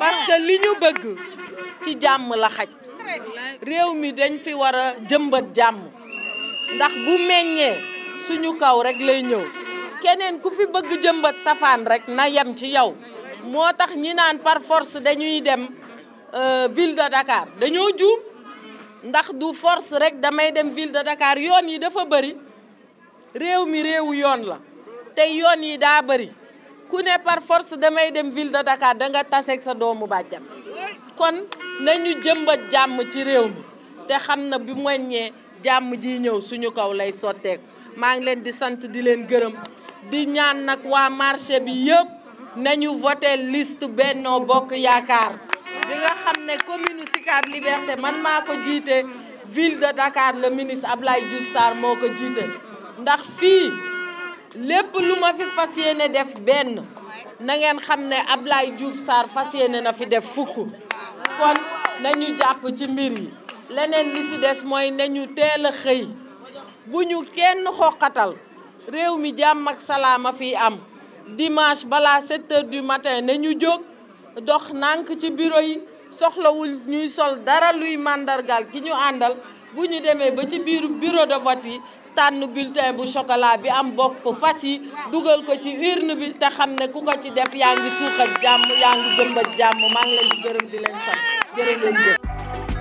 parce que li ñu bëgg ci jàmm la xaj réew mi dañ fi war a jëmbat jàmm ndax bu meññee suñu kaw rek lay ñëw keneen ku fi bëgg jëmbat safaan rekk na yem ci yow moo tax ñi naan par dañuy dem euh, ville de Dakar dañoo juum ndax du force rek damay dem ville de Dakar yoon yi dafa bari réew mi réewu yoon la te yoon yi daa bari ku ne par force damay dem ville de Dakar da nga taseeg sa doomu bàjjan kon nañu jëmbat jàmm ci réew mi te xam na bi moññee jàmm ji ñëw suñu kaw lay sotteeku maa ngi leen di sant di leen gërëm di ñaan nag waa marché bi yëpp nañu voté list bennoo Bokk Yaakaar bi nga xam ne commune Sicap Liberté man maa ko jiite ville de Dakar le ministre Ablaye Diouf Sarr moo ko jiite ndax fii lépp lu ma fi fas yéene def benn na ngeen xam ne Ablaye jur Sarr fas yéene na fi def fukk kon nañu jàpp ci mbir yi leneen li si des mooy nañu teel a xëy bu ñu kenn xoqatal réew mi jàmm ak salaam a fi am dimanche balaa 7 heures du matin nañu jóg dox nànk ci bureau yi soxlawul ñuy sol dara luy màndargal ki ñu àndal bu ñu demee ba ci biir bureau de vote yi tànn bulletin bu chocolat bi am bopp fas yi dugal ko ci urne bi te xam ne ku ko ci def yaa ngi suuxat jàmm yaa ngi jëmbat jàmm maa ngi leen di gërëm di leen sant jërë ngeen